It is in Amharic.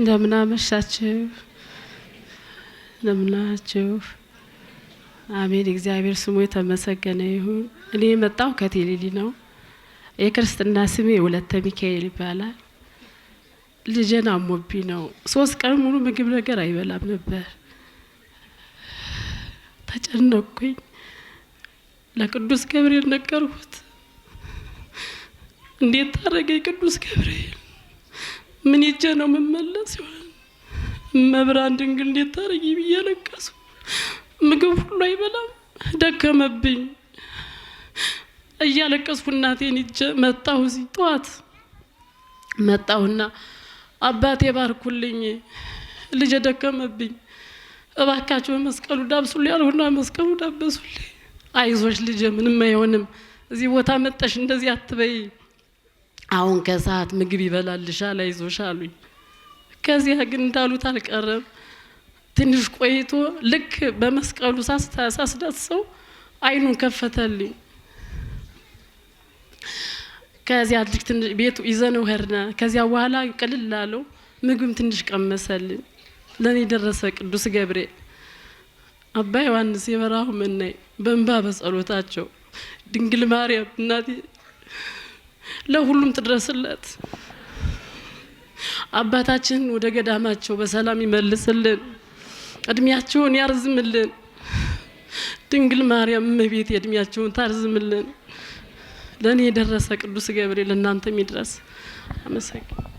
እንደምን አመሻችሁ፣ እንደምናችሁ። አሜን። እግዚአብሔር ስሙ የተመሰገነ ይሁን። እኔ የመጣው ከቴሌሊ ነው። የክርስትና ስሜ ወለተ ሚካኤል ይባላል። ልጄን አሞቢ ነው። ሶስት ቀን ሙሉ ምግብ ነገር አይበላም ነበር። ተጨነቅኩኝ። ለቅዱስ ገብርኤል ነገርኩት። እንዴት ታረገኝ ቅዱስ ገብርኤል ምን ይዤ ነው የምመለስ ይሆናል? መብራን ድንግል እንዴት ታረጊ ብዬ ለቀሱ። ምግብ ሁሉ አይበላም ደከመብኝ እያለቀስኩ እናቴን ይዤ መጣሁ። እዚህ ጠዋት መጣሁና አባቴ ባርኩልኝ፣ ልጅ ደከመብኝ፣ እባካቸው መስቀሉ ዳብሱል ያልሁና መስቀሉ ዳበሱል አይዞች ልጅ ምንም አይሆንም፣ እዚህ ቦታ መጠሽ እንደዚህ አትበይ አሁን ከሰዓት ምግብ ይበላልሻል፣ አይዞሽ አሉኝ። ከዚያ ግን እንዳሉት አልቀረም። ትንሽ ቆይቶ ልክ በመስቀሉ ሳስዳስሰው አይኑን ከፈተልኝ። ከዚያ ልክ ቤቱ ይዘነው ሄድና ከዚያ በኋላ ቅልል ላለው ምግብም ትንሽ ቀመሰልኝ። ለእኔ ደረሰ ቅዱስ ገብርኤል አባ ዮሐንስ የበራሁ መናይ በእንባ በጸሎታቸው ድንግል ማርያም እናቴ ለሁሉም ትድረስለት። አባታችን ወደ ገዳማቸው በሰላም ይመልስልን፣ እድሜያቸውን ያርዝምልን። ድንግል ማርያም እመቤት የእድሜያቸውን ታርዝምልን። ለእኔ የደረሰ ቅዱስ ገብርኤል እናንተም ይድረስ። አመሰግን